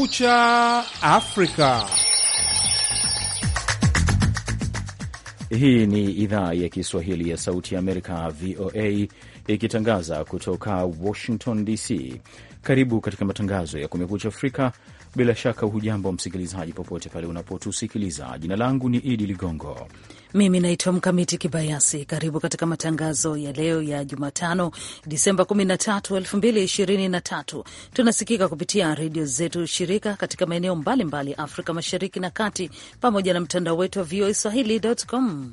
Kumekucha Afrika. Hii ni idhaa ya Kiswahili ya Sauti ya Amerika, VOA, ikitangaza kutoka Washington DC. Karibu katika matangazo ya Kumekucha Afrika bila shaka hujambo msikilizaji, popote pale unapotusikiliza. Jina langu ni Idi Ligongo, mimi naitwa Mkamiti Kibayasi. Karibu katika matangazo ya leo ya Jumatano, Disemba 13, 2023. Tunasikika kupitia redio zetu shirika katika maeneo mbalimbali Afrika Mashariki na Kati, pamoja na mtandao wetu wa VOA Swahili.com.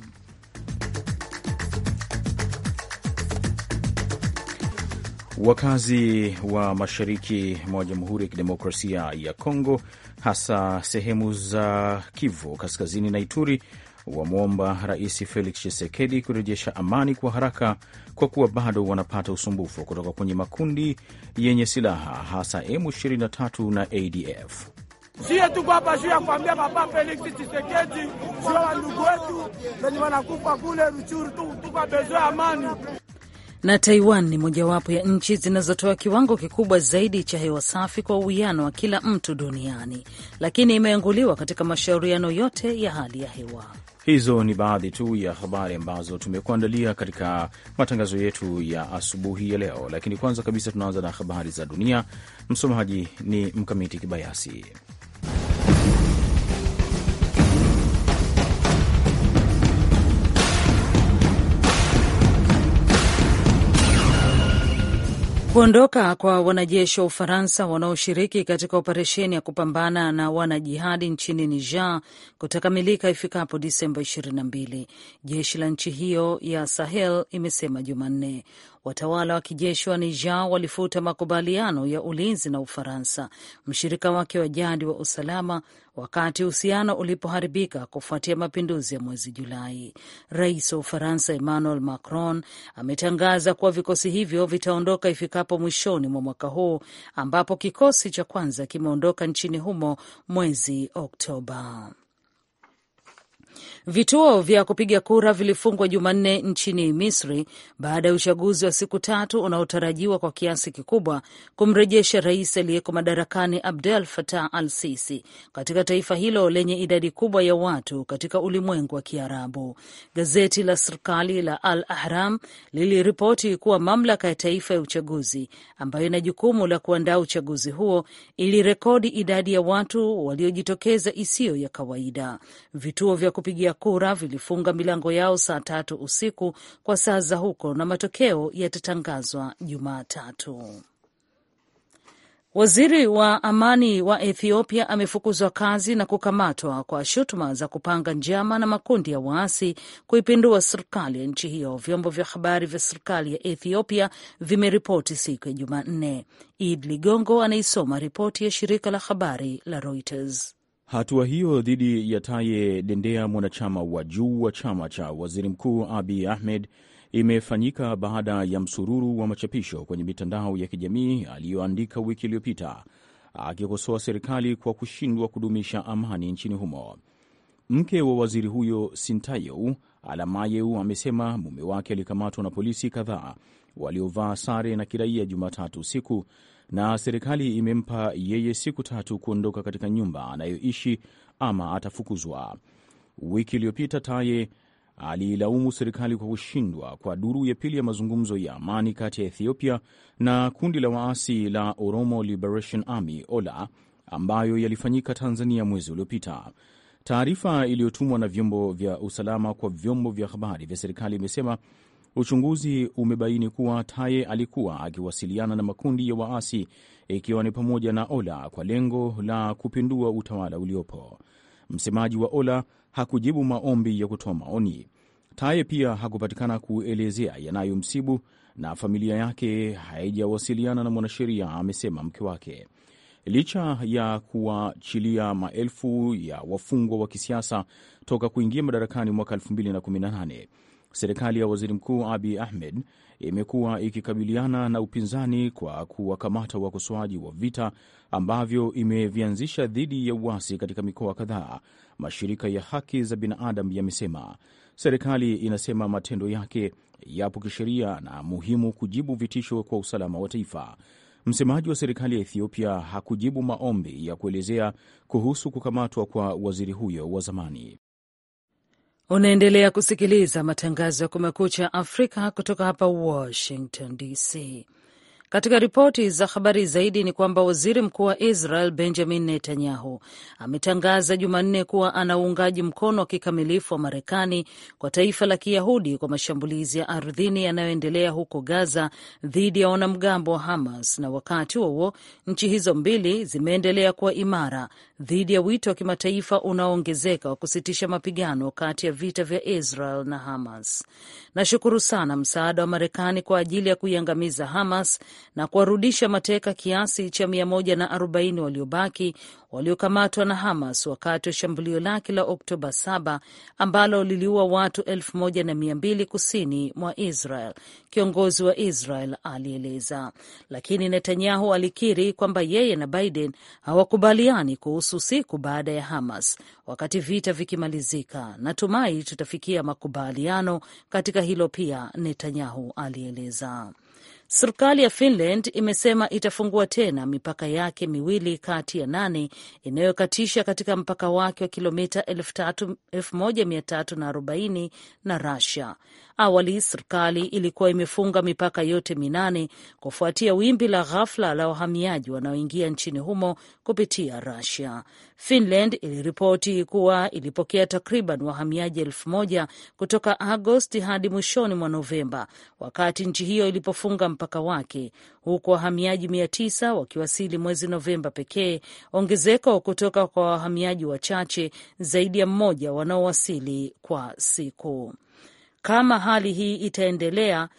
Wakazi wa mashariki mwa Jamhuri ya Kidemokrasia ya Kongo, hasa sehemu za Kivu Kaskazini na Ituri, wamwomba Rais Felix Tshisekedi kurejesha amani kwa haraka, kwa kuwa bado wanapata usumbufu kutoka kwenye makundi yenye silaha hasa M23 na ADF. Sie tuko hapa juu ya kuambia Papa Felix Tshisekedi juu ya wandugu wetu wenye wanakufa kule Ruchuru, tuko ya amani na Taiwan ni mojawapo ya nchi zinazotoa kiwango kikubwa zaidi cha hewa safi kwa uwiano wa kila mtu duniani, lakini imeanguliwa katika mashauriano yote ya hali ya hewa. Hizo ni baadhi tu ya habari ambazo tumekuandalia katika matangazo yetu ya asubuhi ya leo, lakini kwanza kabisa tunaanza na habari za dunia. Msomaji ni Mkamiti Kibayasi. Kuondoka kwa wanajeshi wa Ufaransa wanaoshiriki katika operesheni ya kupambana na wanajihadi nchini Niger kutakamilika ifikapo Disemba 22, jeshi la nchi hiyo ya Sahel imesema Jumanne. Watawala wa kijeshi wa Niger walifuta makubaliano ya ulinzi na Ufaransa, mshirika wake wa jadi wa usalama, wakati uhusiano ulipoharibika kufuatia mapinduzi ya mwezi Julai. Rais wa Ufaransa Emmanuel Macron ametangaza kuwa vikosi hivyo vitaondoka ifikapo mwishoni mwa mwaka huu, ambapo kikosi cha kwanza kimeondoka nchini humo mwezi Oktoba. Vituo vya kupiga kura vilifungwa Jumanne nchini Misri baada ya uchaguzi wa siku tatu unaotarajiwa kwa kiasi kikubwa kumrejesha rais aliyeko madarakani Abdel Fattah al Sisi katika taifa hilo lenye idadi kubwa ya watu katika ulimwengu wa Kiarabu. Gazeti la serikali la Al Ahram liliripoti kuwa mamlaka ya taifa ya uchaguzi ambayo ina jukumu la kuandaa uchaguzi huo ilirekodi idadi ya watu waliojitokeza isiyo ya kawaida. Vituo vya kupigia kura vilifunga milango yao saa tatu usiku kwa saa za huko na matokeo yatatangazwa Jumatatu. Waziri wa amani wa Ethiopia amefukuzwa kazi na kukamatwa kwa shutuma za kupanga njama na makundi ya waasi kuipindua serikali ya nchi hiyo, vyombo vya habari vya serikali ya Ethiopia vimeripoti siku ya Jumanne. Id Ligongo anaisoma ripoti ya shirika la habari la Reuters. Hatua hiyo dhidi ya Taye Dendea, mwanachama wa juu wa chama cha waziri mkuu Abiy Ahmed, imefanyika baada ya msururu wa machapisho kwenye mitandao ya kijamii aliyoandika wiki iliyopita akikosoa serikali kwa kushindwa kudumisha amani nchini humo. Mke wa waziri huyo Sintayeu Alamayeu amesema mume wake alikamatwa na polisi kadhaa waliovaa sare na kiraia Jumatatu usiku na serikali imempa yeye siku tatu kuondoka katika nyumba anayoishi ama atafukuzwa. Wiki iliyopita Taye aliilaumu serikali kwa kushindwa kwa duru ya pili ya mazungumzo ya amani kati ya Ethiopia na kundi la waasi la Oromo Liberation Army OLA ambayo yalifanyika Tanzania mwezi uliopita. Taarifa iliyotumwa na vyombo vya usalama kwa vyombo vya habari vya serikali imesema Uchunguzi umebaini kuwa Taye alikuwa akiwasiliana na makundi ya waasi ikiwa ni pamoja na Ola kwa lengo la kupindua utawala uliopo. Msemaji wa Ola hakujibu maombi ya kutoa maoni. Taye pia hakupatikana kuelezea yanayomsibu na familia yake haijawasiliana na mwanasheria, amesema mke wake. Licha ya kuwachilia maelfu ya wafungwa wa kisiasa toka kuingia madarakani mwaka 2018 serikali ya waziri mkuu abi Ahmed imekuwa ikikabiliana na upinzani kwa kuwakamata wakosoaji wa vita ambavyo imevianzisha dhidi ya uasi katika mikoa kadhaa, mashirika ya haki za binadamu yamesema. Serikali inasema matendo yake yapo kisheria na muhimu kujibu vitisho kwa usalama wa taifa. Msemaji wa serikali ya Ethiopia hakujibu maombi ya kuelezea kuhusu kukamatwa kwa waziri huyo wa zamani. Unaendelea kusikiliza matangazo ya Kumekucha Afrika kutoka hapa Washington DC. Katika ripoti za habari zaidi ni kwamba waziri mkuu wa Israel Benjamin Netanyahu ametangaza Jumanne kuwa ana uungaji mkono wa kikamilifu wa Marekani kwa taifa la Kiyahudi kwa mashambulizi ya ardhini yanayoendelea huko Gaza dhidi ya wanamgambo wa Hamas. Na wakati huo huo, nchi hizo mbili zimeendelea kuwa imara dhidi ya wito wa kimataifa unaoongezeka wa kusitisha mapigano kati ya vita vya Israel na Hamas. Nashukuru sana msaada wa Marekani kwa ajili ya kuiangamiza Hamas na kuwarudisha mateka kiasi cha 140 waliobaki waliokamatwa na Hamas wakati wa shambulio lake la Oktoba 7 ambalo liliua watu 1200 kusini mwa Israel, kiongozi wa Israel alieleza. Lakini Netanyahu alikiri kwamba yeye na Biden hawakubaliani kuhusu siku baada ya Hamas, wakati vita vikimalizika. Natumai tutafikia makubaliano katika hilo pia, Netanyahu alieleza. Serikali ya Finland imesema itafungua tena mipaka yake miwili kati ya nane inayokatisha katika mpaka wake wa kilomita 1340 na Rusia. Awali serikali ilikuwa imefunga mipaka yote minane kufuatia wimbi la ghafla la wahamiaji wanaoingia nchini humo kupitia Russia. Finland iliripoti kuwa ilipokea takriban wahamiaji elfu moja kutoka Agosti hadi mwishoni mwa Novemba, wakati nchi hiyo ilipofunga mpaka wake, huku wahamiaji mia tisa wakiwasili mwezi Novemba pekee, ongezeko kutoka kwa wahamiaji wachache zaidi ya mmoja wanaowasili kwa siku. Kama hali hii itaendelea,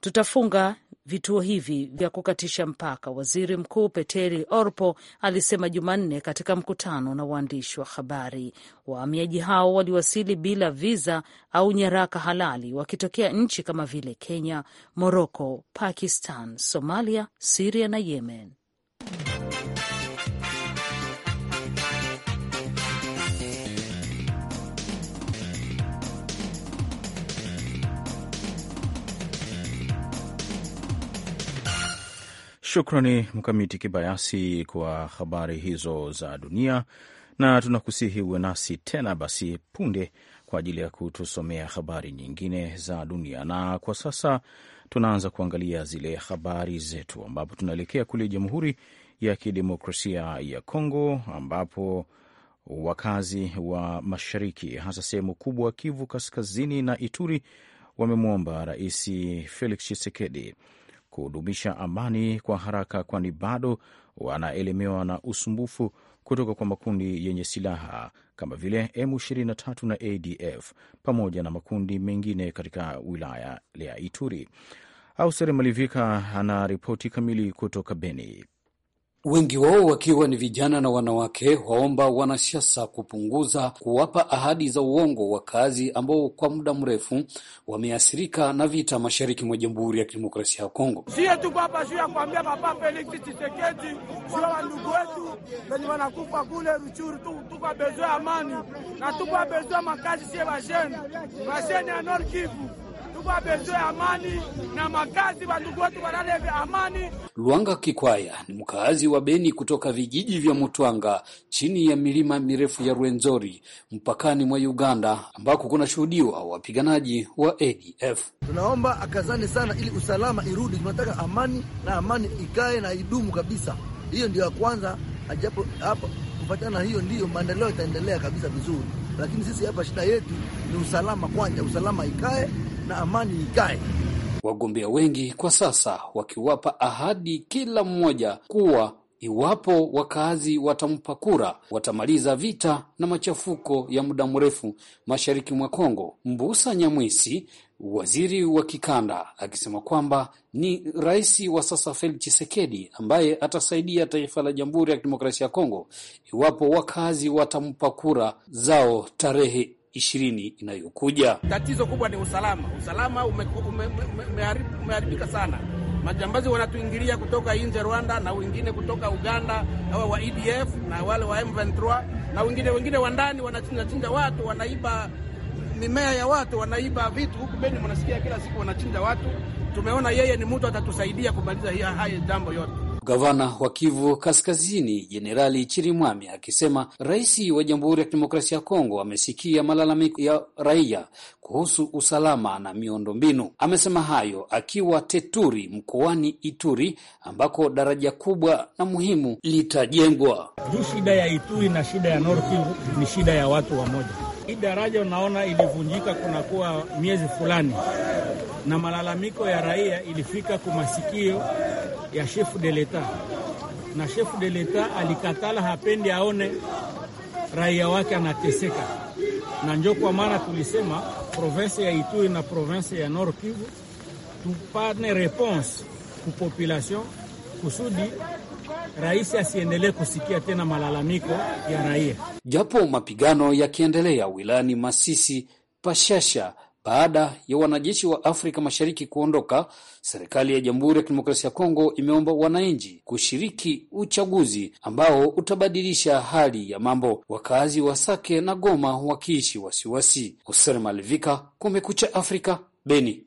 tutafunga vituo hivi vya kukatisha mpaka, waziri mkuu Peteri Orpo alisema Jumanne katika mkutano na waandishi wa habari. Wahamiaji hao waliwasili bila viza au nyaraka halali wakitokea nchi kama vile Kenya, Moroko, Pakistan, Somalia, Siria na Yemen. Shukrani Mkamiti Kibayasi kwa habari hizo za dunia, na tunakusihi uwe nasi tena basi punde kwa ajili ya kutusomea habari nyingine za dunia. Na kwa sasa tunaanza kuangalia zile habari zetu, ambapo tunaelekea kule Jamhuri ya Kidemokrasia ya Kongo, ambapo wakazi wa mashariki hasa sehemu kubwa Kivu Kaskazini na Ituri wamemwomba Rais Felix Tshisekedi kudumisha amani kwa haraka, kwani bado wanaelemewa na usumbufu kutoka kwa makundi yenye silaha kama vile M23 na ADF pamoja na makundi mengine katika wilaya ya Ituri. Ausere Malivika ana ripoti kamili kutoka Beni wengi wao wakiwa ni vijana na wanawake, waomba wanasiasa kupunguza kuwapa ahadi za uongo wakazi ambao kwa muda mrefu wameathirika na vita mashariki mwa Jamhuri ya Kidemokrasia ya Kongo. Sie tu papa sio ya kuambia Papa Felix Tshisekedi sio wandugu wetu wenye wanakufa kule Ruchuru tu, tuka bezo amani na tuka bezo makazi sie washeni washeni ya Nord Kivu kuwa bezo ya amani na makazi wandugu wetu amani. Luanga Kikwaya ni mkaazi wa Beni kutoka vijiji vya Mutwanga chini ya milima mirefu ya Rwenzori mpakani mwa Uganda ambako kunashuhudiwa wapiganaji wa ADF. Tunaomba akazane sana ili usalama irudi. Tunataka amani na amani ikae na idumu kabisa. Hiyo ndio ya kwanza ajapo hapa kufatana hiyo ndiyo maendeleo itaendelea kabisa vizuri, lakini sisi hapa shida yetu ni usalama kwanja usalama ikae na amani ikae. Wagombea wengi kwa sasa wakiwapa ahadi kila mmoja kuwa iwapo wakazi watampa kura watamaliza vita na machafuko ya muda mrefu mashariki mwa Kongo. Mbusa Nyamwisi, waziri wa kikanda, akisema kwamba ni rais wa sasa Felix Tshisekedi ambaye atasaidia taifa la Jamhuri ya Kidemokrasia ya Kongo iwapo wakazi watampa kura zao tarehe ishirini inayokuja. Tatizo kubwa ni usalama. Usalama umeharibu, ume, ume, umeharibika sana. Majambazi wanatuingilia kutoka nje Rwanda na wengine kutoka Uganda, hawa wa EDF na wale wa M23 na wengine wengine wa ndani, wanachinjachinja watu, wanaiba mimea ya watu, wanaiba vitu huku Beni, mnasikia kila siku wanachinja watu. Tumeona yeye ni mtu atatusaidia kumaliza haya jambo yote. Gavana wa Kivu Kaskazini Jenerali Chirimwami akisema rais wa Jamhuri ya Kidemokrasia ya Kongo amesikia malalamiko ya raia kuhusu usalama na miundombinu. Amesema hayo akiwa Teturi mkoani Ituri ambako daraja kubwa na muhimu litajengwa. Juu shida ya Ituri na shida ya Nord Kivu ni shida ya watu wamoja. Hii daraja unaona ilivunjika kunakuwa miezi fulani na malalamiko ya raia ilifika kumasikio ya shefu de l'etat, na shefu de l'etat alikatala, hapendi aone raia wake anateseka, na njo kwa maana tulisema province ya Ituri na province ya Nord Kivu tupane reponse ku population kusudi rais asiendelee kusikia tena malalamiko ya raia. Japo mapigano yakiendelea wilayani Masisi, Pashasha baada ya wanajeshi wa Afrika Mashariki kuondoka, serikali ya Jamhuri ya Kidemokrasia ya Kongo imeomba wananchi kushiriki uchaguzi ambao utabadilisha hali ya mambo, wakazi wa Sake na Goma wakiishi wasiwasi. Hoser Malivika, Kumekucha Afrika, Beni.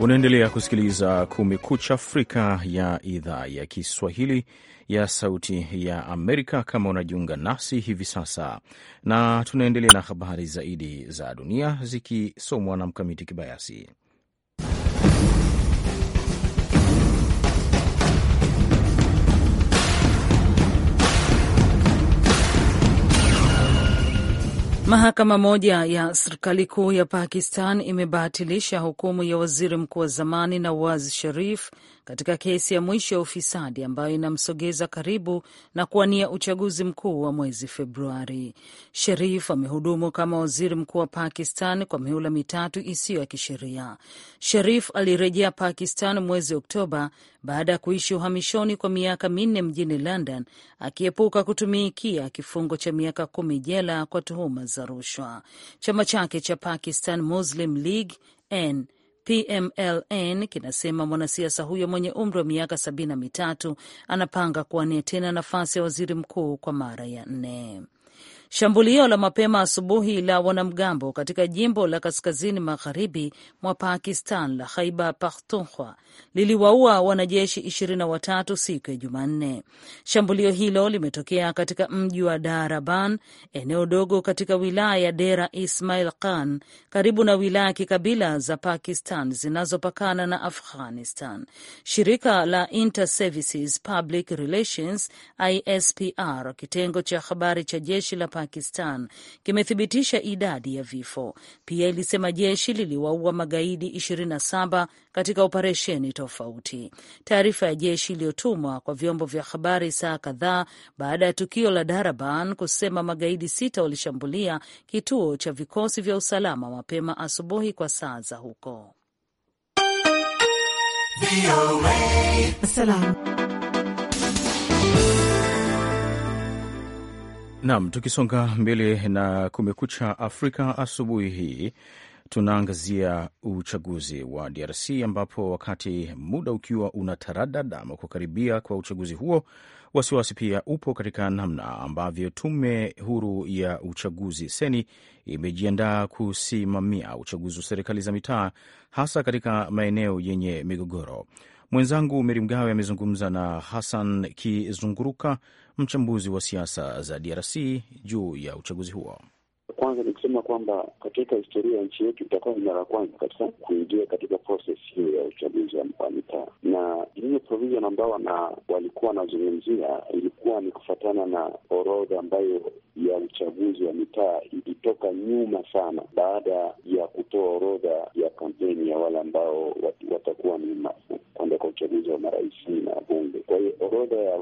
Unaendelea kusikiliza Kumekucha Afrika ya idhaa ya Kiswahili ya Sauti ya Amerika kama unajiunga nasi hivi sasa, na tunaendelea na habari zaidi za dunia zikisomwa na Mkamiti Kibayasi. Mahakama moja ya serikali kuu ya Pakistan imebatilisha hukumu ya waziri mkuu wa zamani Nawaz Sharif katika kesi ya mwisho ya ufisadi ambayo inamsogeza karibu na kuwania uchaguzi mkuu wa mwezi Februari. Sherif amehudumu kama waziri mkuu wa Pakistan kwa mihula mitatu isiyo ya kisheria. Sherif alirejea Pakistan mwezi Oktoba baada ya kuishi uhamishoni kwa miaka minne mjini London, akiepuka kutumikia kifungo cha miaka kumi jela kwa tuhuma za rushwa. Chama chake cha Pakistan Muslim League n PMLN kinasema mwanasiasa huyo mwenye umri wa miaka sabini na mitatu anapanga kuwania tena nafasi ya waziri mkuu kwa mara ya nne. Shambulio la mapema asubuhi la wanamgambo katika jimbo la kaskazini magharibi mwa Pakistan la khaiba Pakhtunkhwa liliwaua wanajeshi 23 siku ya Jumanne. Shambulio hilo limetokea katika mji wa Daraban, eneo dogo katika wilaya ya Dera Ismail Khan, karibu na wilaya ya kikabila za Pakistan zinazopakana na Afghanistan. Shirika la inter Public Relations ISPR, kitengo cha habari cha jeshi la Pakistan kimethibitisha idadi ya vifo. Pia ilisema jeshi liliwaua magaidi 27 katika operesheni tofauti. Taarifa ya jeshi iliyotumwa kwa vyombo vya habari saa kadhaa baada ya tukio la Daraban kusema magaidi sita walishambulia kituo cha vikosi vya usalama mapema asubuhi kwa saa za huko. Nam, tukisonga mbele na Kumekucha Afrika asubuhi hii tunaangazia uchaguzi wa DRC ambapo wakati muda ukiwa una taradada ama kukaribia kwa uchaguzi huo, wasiwasi pia upo katika namna ambavyo tume huru ya uchaguzi seni imejiandaa kusimamia uchaguzi wa serikali za mitaa, hasa katika maeneo yenye migogoro. Mwenzangu Meri Mgawe amezungumza na Hassan Kizunguruka, mchambuzi wa siasa za DRC juu ya uchaguzi huo. Kwanza ni kusema kwamba katika historia ya nchi yetu itakuwa ni mara ya kwanza kabisa kuingia katika proses hiyo ya uchaguzi wa mitaa, na hiyo provision ambao wana, walikuwa wanazungumzia ilikuwa ni kufuatana na orodha ambayo ya uchaguzi wa mitaa ilitoka nyuma sana, baada ya kutoa orodha ya kampeni ya wale ambao watakuwa ni kwamba kwa uchaguzi wa marais na bunge. Kwa hiyo orodha ya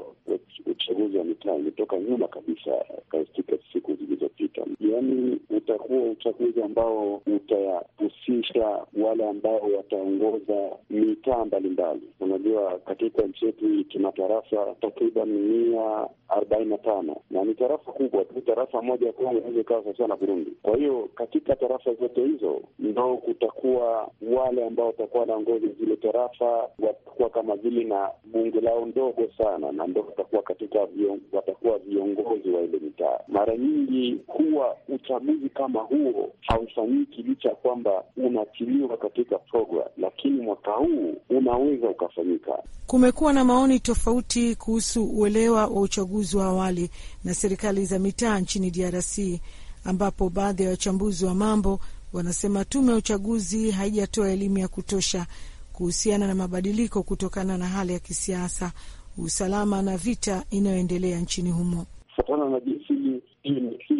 uchaguzi wa mitaa imetoka nyuma kabisa uh, katika siku zilizo Washington. Yaani utakuwa uchaguzi ambao utahusisha wale ambao wataongoza mitaa mbalimbali. Unajua, katika nchi yetu hii tuna tarafa takriban mia arobaini na tano na ni tarafa kubwa tu. Tarafa moja kuu inaweza ikawa sawasawa na Burundi. Kwa hiyo katika tarafa zote hizo ndo kutakuwa wale ambao watakuwa wanaongoza zile tarafa, watakuwa kama vile na bunge lao ndogo sana, na ndo watakuwa katika vion, watakuwa viongozi wa ile mitaa mara nyingi ku kuwa uchaguzi kama huo haufanyiki licha ya kwamba unatiliwa katika programu, lakini mwaka huu unaweza ukafanyika. Kumekuwa na maoni tofauti kuhusu uelewa wa uchaguzi wa awali na serikali za mitaa nchini DRC, ambapo baadhi ya wachambuzi wa mambo wanasema tume ya uchaguzi haijatoa elimu ya kutosha kuhusiana na mabadiliko kutokana na hali ya kisiasa, usalama na vita inayoendelea nchini humo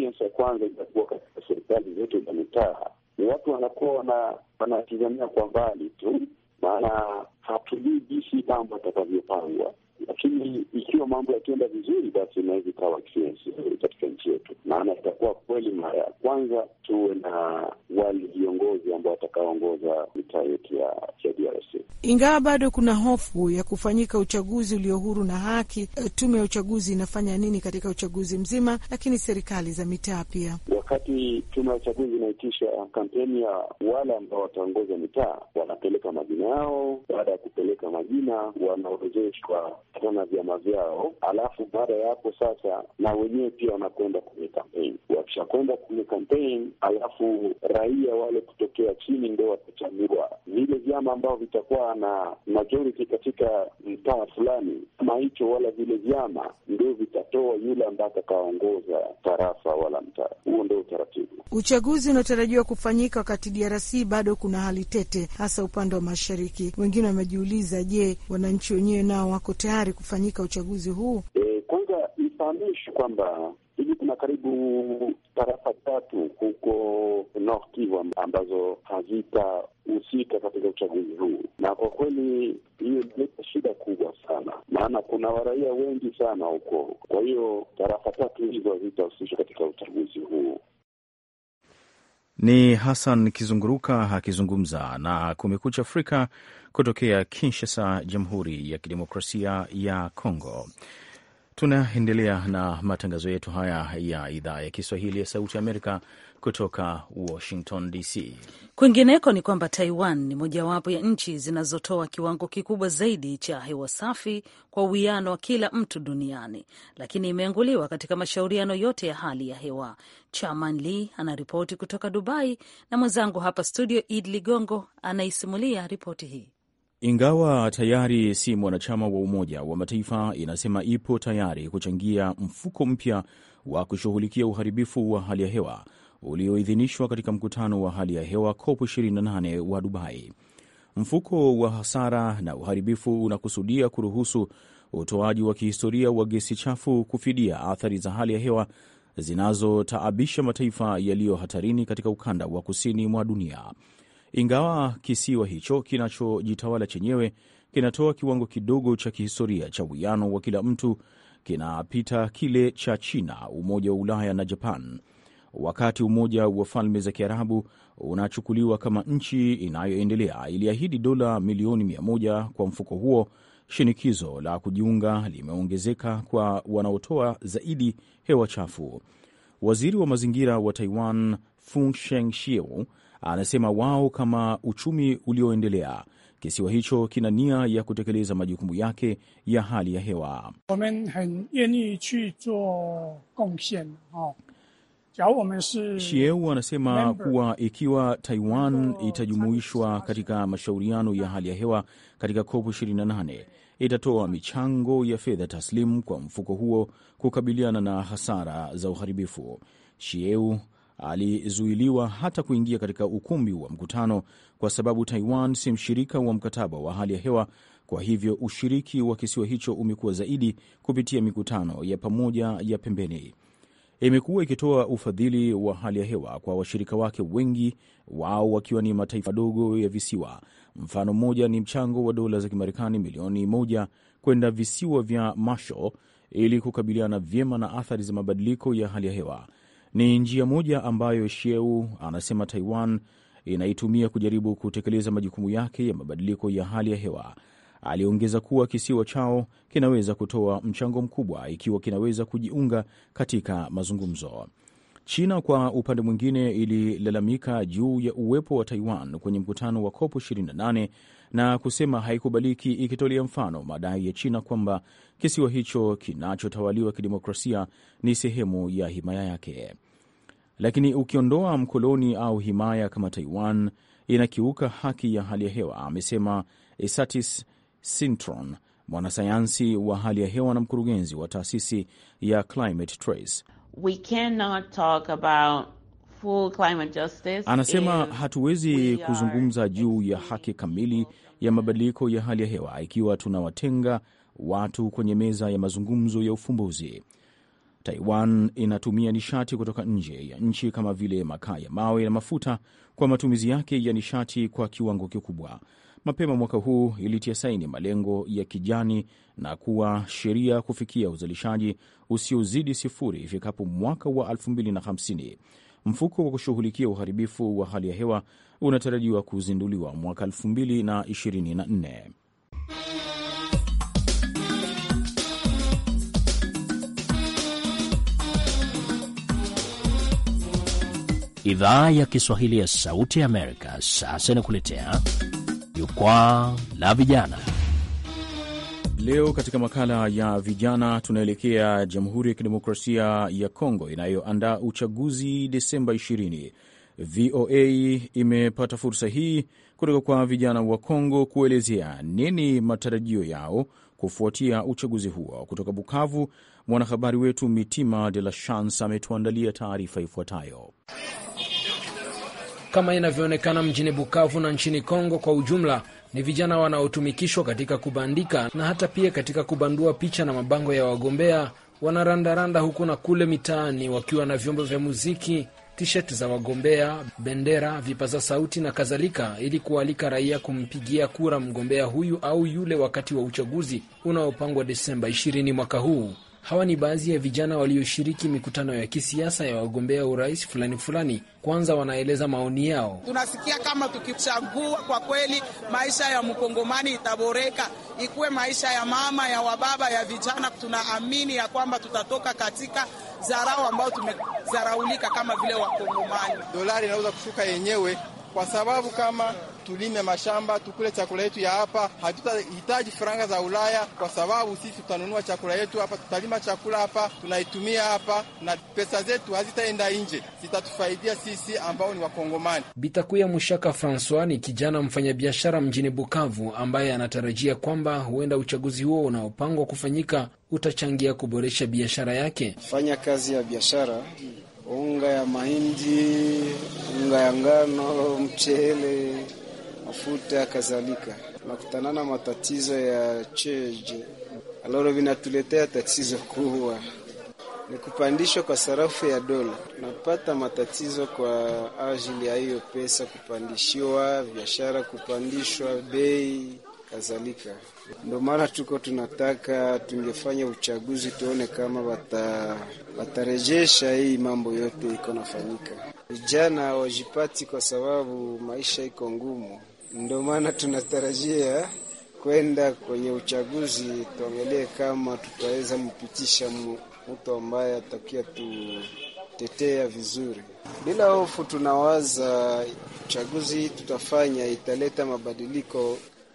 experience ya kwanza inakuwa katika serikali zetu za mitaa ni watu wanakuwa wanatizamia kwa mbali tu, maana hatujui jinsi mambo atakavyopangwa lakini ikiwa mambo yakienda vizuri, basi inaweza ikawa experience nzuri katika nchi yetu, maana itakuwa kweli mara ya kwanza tuwe na wale viongozi ambao watakaoongoza mitaa yetu ya DRC. Ingawa bado kuna hofu ya kufanyika uchaguzi ulio huru na haki, eh, tume ya uchaguzi inafanya nini katika uchaguzi mzima, lakini serikali za mitaa pia wakati tume ya uchaguzi inaitisha kampeni ya wale ambao wataongoza mitaa, wanapeleka majina yao. Baada ya kupeleka majina, wanaorozeshwa na vyama vyao, alafu baada ya hapo sasa, na wenyewe pia wanakwenda kwenye kampeni. Wakishakwenda kwenye kampeni, alafu raia wale kutokea chini ndo watachagua vile vyama ambao vitakuwa na majority katika mtaa fulani, kama hicho wala vile vyama ndio vitatoa yule ambaye atakaongoza tarafa wala mtaa huo ndio utaratibu. Uchaguzi unaotarajiwa kufanyika wakati DRC bado kuna hali tete, hasa upande wa mashariki. Wengine wamejiuliza, je, wananchi wenyewe nao wako tayari kufanyika uchaguzi huu? E, kwanza nifahamishi kwamba hivi kuna karibu tarafa tatu huko North Kivu ambazo hazitahusika katika uchaguzi huu, na kwa kweli hiyo inaleta shida kubwa sana, maana kuna waraia wengi sana huko. Kwa hiyo tarafa tatu hizo hazitahusishwa katika uchaguzi huu, ni Hassan Kizunguruka akizungumza na Kumekucha Afrika kutokea Kinshasa, Jamhuri ya Kidemokrasia ya Kongo. Tunaendelea na matangazo yetu haya ya idhaa ya Kiswahili ya Sauti Amerika kutoka Washington DC. Kwingineko ni kwamba Taiwan ni mojawapo ya nchi zinazotoa kiwango kikubwa zaidi cha hewa safi kwa uwiano wa kila mtu duniani, lakini imeanguliwa katika mashauriano yote ya hali ya hewa. Chaman Lee anaripoti kutoka Dubai na mwenzangu hapa studio Id Ligongo anaisimulia ripoti hii ingawa tayari si mwanachama wa Umoja wa Mataifa, inasema ipo tayari kuchangia mfuko mpya wa kushughulikia uharibifu wa hali ya hewa ulioidhinishwa katika mkutano wa hali ya hewa COP 28 wa Dubai. Mfuko wa hasara na uharibifu unakusudia kuruhusu utoaji wa kihistoria wa gesi chafu kufidia athari za hali ya hewa zinazotaabisha mataifa yaliyo hatarini katika ukanda wa kusini mwa dunia ingawa kisiwa hicho kinachojitawala chenyewe kinatoa kiwango kidogo cha kihistoria cha uwiano wa kila mtu, kinapita kile cha China, Umoja wa Ulaya na Japan, wakati Umoja wa Falme za Kiarabu unachukuliwa kama nchi inayoendelea. Iliahidi dola milioni mia moja kwa mfuko huo. Shinikizo la kujiunga limeongezeka kwa wanaotoa zaidi hewa chafu. Waziri wa mazingira wa Taiwan Fung Sheng anasema wao kama uchumi ulioendelea kisiwa hicho kina nia ya kutekeleza majukumu yake ya hali ya hewa. Shieu anasema kuwa ikiwa Taiwan itajumuishwa katika mashauriano ya hali ya hewa katika COP 28 itatoa michango ya fedha taslimu kwa mfuko huo kukabiliana na hasara za uharibifu. Shieu alizuiliwa hata kuingia katika ukumbi wa mkutano kwa sababu Taiwan si mshirika wa mkataba wa hali ya hewa. Kwa hivyo ushiriki wa kisiwa hicho umekuwa zaidi kupitia mikutano ya pamoja ya pembeni. Imekuwa ikitoa ufadhili wa hali ya hewa kwa washirika wake, wengi wao wakiwa ni mataifa madogo ya visiwa. Mfano mmoja ni mchango wa dola za Kimarekani milioni moja kwenda visiwa vya Marshall ili kukabiliana vyema na athari za mabadiliko ya hali ya hewa. Ni njia moja ambayo Sheu anasema Taiwan inaitumia kujaribu kutekeleza majukumu yake ya mabadiliko ya hali ya hewa. Aliongeza kuwa kisiwa chao kinaweza kutoa mchango mkubwa ikiwa kinaweza kujiunga katika mazungumzo. China kwa upande mwingine ililalamika juu ya uwepo wa Taiwan kwenye mkutano wa COP 28 na kusema haikubaliki, ikitolea mfano madai ya China kwamba kisiwa hicho kinachotawaliwa kidemokrasia ni sehemu ya himaya yake. Lakini ukiondoa mkoloni au himaya kama Taiwan inakiuka haki ya hali ya hewa, amesema Esatis Sintron, mwanasayansi wa hali ya hewa na mkurugenzi wa taasisi ya Climate Trace. We cannot talk about full climate justice. Anasema hatuwezi kuzungumza juu ya haki kamili ya mabadiliko ya hali ya hewa ikiwa tunawatenga watu kwenye meza ya mazungumzo ya ufumbuzi. Taiwan inatumia nishati kutoka nje ya nchi kama vile makaa ya mawe na mafuta kwa matumizi yake ya nishati kwa kiwango kikubwa. Mapema mwaka huu ilitia saini malengo ya kijani na kuwa sheria kufikia uzalishaji usiozidi sifuri ifikapo mwaka wa 2050. Mfuko wa kushughulikia uharibifu wa hali ya hewa unatarajiwa kuzinduliwa mwaka 2024. Idhaa ya Kiswahili ya Sauti ya Amerika sasa inakuletea jukwaa la vijana. Leo katika makala ya vijana tunaelekea Jamhuri ya Kidemokrasia ya Kongo inayoandaa uchaguzi Desemba 20. VOA imepata fursa hii kutoka kwa vijana wa Kongo kuelezea nini matarajio yao kufuatia uchaguzi huo. Kutoka Bukavu, mwanahabari wetu Mitima De La Chance ametuandalia taarifa ifuatayo kama inavyoonekana mjini Bukavu na nchini Kongo kwa ujumla ni vijana wanaotumikishwa katika kubandika na hata pia katika kubandua picha na mabango ya wagombea. Wanarandaranda huku na kule mitaani wakiwa na vyombo vya muziki, tisheti za wagombea, bendera, vipaza sauti na kadhalika, ili kualika raia kumpigia kura mgombea huyu au yule wakati wa uchaguzi unaopangwa Desemba 20 mwaka huu. Hawa ni baadhi ya vijana walioshiriki mikutano ya kisiasa ya wagombea urais fulani fulani. Kwanza wanaeleza maoni yao. Tunasikia kama tukichagua, kwa kweli maisha ya mkongomani itaboreka, ikuwe maisha ya mama, ya wababa, ya vijana. Tunaamini ya kwamba tutatoka katika dharau ambayo tumezaraulika kama vile Wakongomani. Dolari inaweza kushuka yenyewe kwa sababu kama tulime mashamba tukule chakula yetu ya hapa, hatutahitaji faranga za Ulaya kwa sababu sisi tutanunua chakula yetu hapa, tutalima chakula hapa, tunaitumia hapa na pesa zetu hazitaenda nje, zitatufaidia sisi ambao ni Wakongomani. Bitakuya Mushaka Francois ni kijana mfanyabiashara mjini Bukavu ambaye anatarajia kwamba huenda uchaguzi huo unaopangwa kufanyika utachangia kuboresha biashara yake. Fanya kazi ya biashara unga ya mahindi, unga ya ngano, mchele, mafuta kadhalika. Nakutana na matatizo ya cheje aloro, vinatuletea tatizo kubwa ni kupandishwa kwa sarafu ya dola. Napata matatizo kwa ajili ya hiyo pesa kupandishiwa, biashara kupandishwa bei kadhalika. Ndio maana tuko tunataka tungefanya uchaguzi, tuone kama bata, hii mambo yote iko nafanyika. Vijana wajipati kwa sababu maisha iko ngumu, ndio maana tunatarajia kwenda kwenye uchaguzi, tuangalie kama tutaweza mpitisha mtu ambaye atakia tutetea vizuri. Bila hofu, tunawaza uchaguzi tutafanya italeta mabadiliko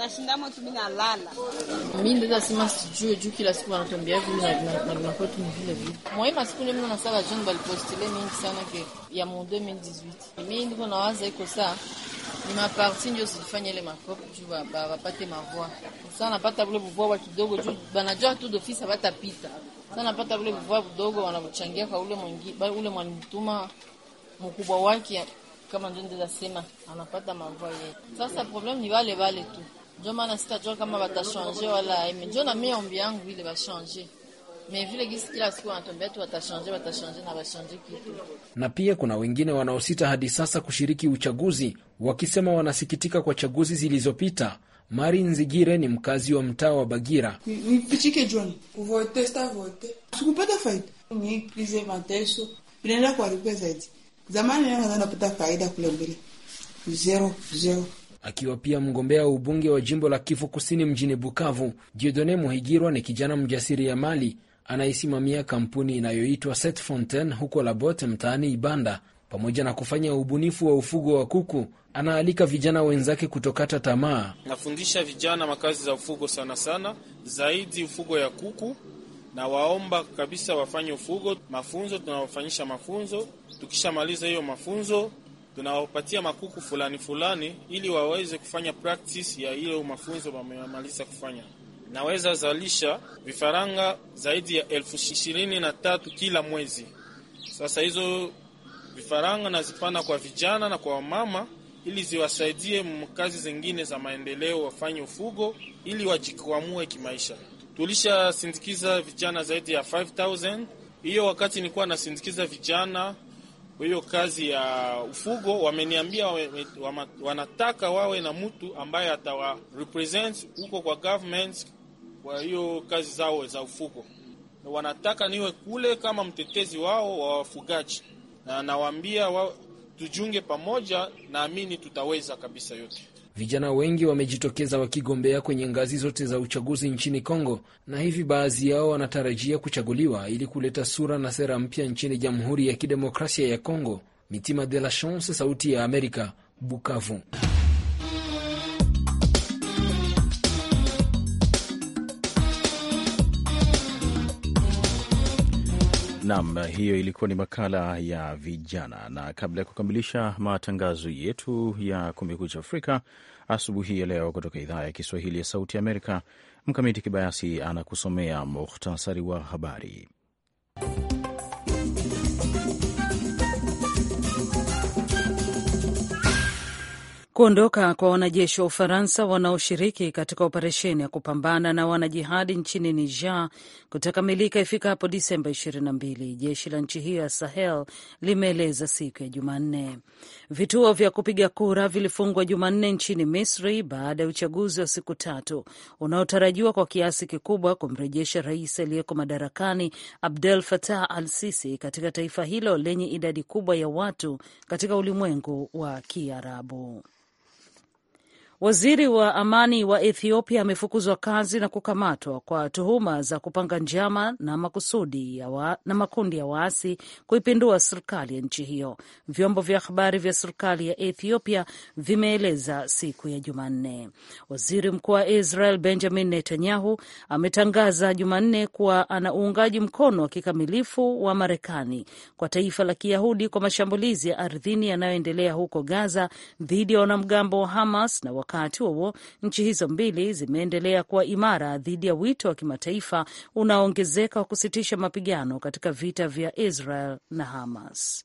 nashindamo tu binalala. Mi ndeza sema sijue juu kila siku wanatuambia vile na vinakuwa tu ni vile vile. Moi masiku ile mimi na sala jeune balipostile mingi sana ke ya mon 2018. Mimi ndiko nawaza iko saa ni maparti ndio sijifanya ile makopo juu wapate mavua. Sasa napata vile vuvua kidogo juu banajua tu d'office batapita. Sasa napata vile vuvua vidogo wanavochangia kwa ule mwingine ule mwanimtuma mkubwa wake kama ndio ndeza sema anapata mavua yeye. Sasa problem ni wale wale tu. Njo maana sitajua kama watashanje wala aime. Njo na mimi ombi yangu ile bashanje me vile gisi kila siku wanatuambia tu watashanje, watashanje na bashanje kitu. Na pia kuna wengine wanaosita hadi sasa kushiriki uchaguzi, wakisema wanasikitika kwa chaguzi zilizopita. Mari Nzigire ni mkazi wa mtaa wa Bagira. Nipichike joni vote sta vote sikupata faida, niikrize mateso vinaenda kuharibia zaidi. Zamani napata faida kule mbele zero zero akiwa pia mgombea wa ubunge wa jimbo la Kivu Kusini mjini Bukavu. Diodone Muhigirwa ni kijana mali anayesimamia kampuni inayoitwa Set Fonten huko Labote mtaani Ibanda. Pamoja na kufanya ubunifu wa ufugo wa kuku, anaalika vijana wenzake kutokata tamaa. Nafundisha vijana makazi za ufugo sana sana, zaidi ufugo ya kuku, na waomba kabisa wafanye ufugo. Mafunzo tunawafanyisha mafunzo, tukishamaliza hiyo mafunzo tunawapatia makuku fulani fulani ili waweze kufanya practice ya ile mafunzo wamemaliza kufanya. Naweza zalisha vifaranga zaidi ya elfu ishirini na tatu kila mwezi. Sasa hizo vifaranga nazipana kwa vijana na kwa wamama ili ziwasaidie kazi zingine za maendeleo, wafanye ufugo ili wajikwamue kimaisha. Tulishasindikiza vijana zaidi ya 5000 hiyo wakati nilikuwa nasindikiza vijana kwa hiyo kazi ya ufugo wameniambia wame, wama, wanataka wawe na mtu ambaye atawa represent huko kwa government. Kwa hiyo kazi zao za ufugo wanataka niwe kule kama mtetezi wao wa wafugaji, na nawaambia wa, tujunge pamoja, naamini tutaweza kabisa yote. Vijana wengi wamejitokeza wakigombea kwenye ngazi zote za uchaguzi nchini Kongo, na hivi baadhi yao wanatarajia kuchaguliwa ili kuleta sura na sera mpya nchini Jamhuri ya Kidemokrasia ya Kongo. Mitima de la Chance, Sauti ya Amerika, Bukavu. Naam, hiyo ilikuwa ni makala ya vijana, na kabla ya kukamilisha matangazo yetu ya Kumekucha Afrika asubuhi ya leo kutoka idhaa ya Kiswahili ya Sauti Amerika, Mkamiti Kibayasi anakusomea muhtasari wa habari. Kuondoka kwa wanajeshi wa Ufaransa wanaoshiriki katika operesheni ya kupambana na wanajihadi nchini Niger kutakamilika ifikapo Disemba 22, jeshi la nchi hiyo ya Sahel limeeleza siku ya Jumanne. Vituo vya kupiga kura vilifungwa Jumanne nchini Misri baada ya uchaguzi wa siku tatu unaotarajiwa kwa kiasi kikubwa kumrejesha rais aliyeko madarakani Abdel Fattah al Sisi katika taifa hilo lenye idadi kubwa ya watu katika ulimwengu wa Kiarabu. Waziri wa amani wa Ethiopia amefukuzwa kazi na kukamatwa kwa tuhuma za kupanga njama na makusudi ya wa, na makundi ya waasi kuipindua serikali ya nchi hiyo, vyombo vya habari vya serikali ya Ethiopia vimeeleza siku ya Jumanne. Waziri mkuu wa Israel Benjamin Netanyahu ametangaza Jumanne kuwa ana uungaji mkono wa kikamilifu wa Marekani kwa taifa la Kiyahudi kwa mashambulizi ya ardhini yanayoendelea huko Gaza dhidi ya wanamgambo wa Hamas na Wakati huo nchi hizo mbili zimeendelea kuwa imara dhidi ya wito wa kimataifa unaoongezeka wa kusitisha mapigano katika vita vya Israel na Hamas.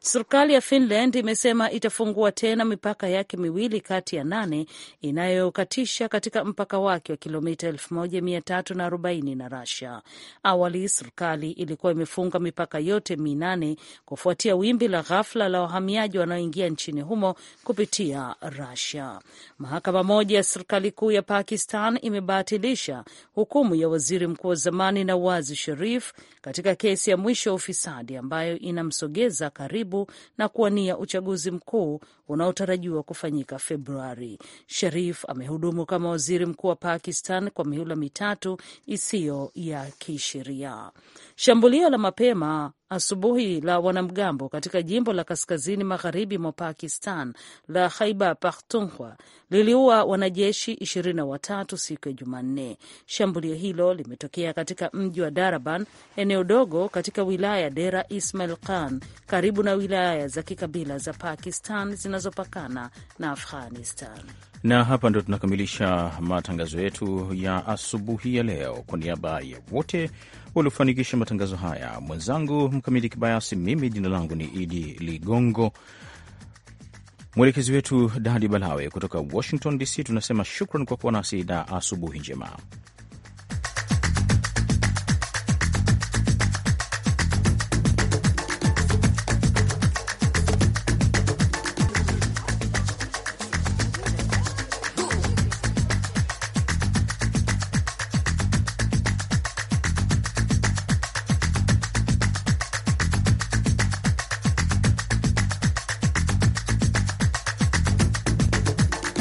Serikali ya Finland imesema itafungua tena mipaka yake miwili kati ya nane inayokatisha katika mpaka wake wa kilomita 1340 na rasia Awali serikali ilikuwa imefunga mipaka yote minane kufuatia wimbi la ghafla la wahamiaji wanaoingia nchini humo kupitia rasia Mahakama moja ya serikali kuu ya Pakistan imebatilisha hukumu ya waziri mkuu wa zamani Nawaz Sharif katika kesi ya mwisho ya ufisadi ambayo inamsogeza karibu na kuwania uchaguzi mkuu unaotarajiwa kufanyika Februari. Sharif amehudumu kama waziri mkuu wa Pakistan kwa mihula mitatu isiyo ya kisheria. Shambulio la mapema asubuhi la wanamgambo katika jimbo la kaskazini magharibi mwa Pakistan la haiba Pakhtunkhwa liliua wanajeshi watatu siku ya Jumanne. Shambulio hilo limetokea katika mji wa Daraban, eneo dogo katika wilaya ya Dera Ismail Khan, karibu na wilaya za kikabila za Pakistan zinazopakana na Afghanistan. Na hapa ndo tunakamilisha matangazo yetu ya asubuhi ya leo. Kwa niaba ya wote waliofanikisha matangazo haya, mwenzangu Mkamiti Kibayasi, mimi jina langu ni Idi Ligongo, mwelekezi wetu Dadi Balawe kutoka Washington DC. Tunasema shukran kwa kuwa nasi na asubuhi njema.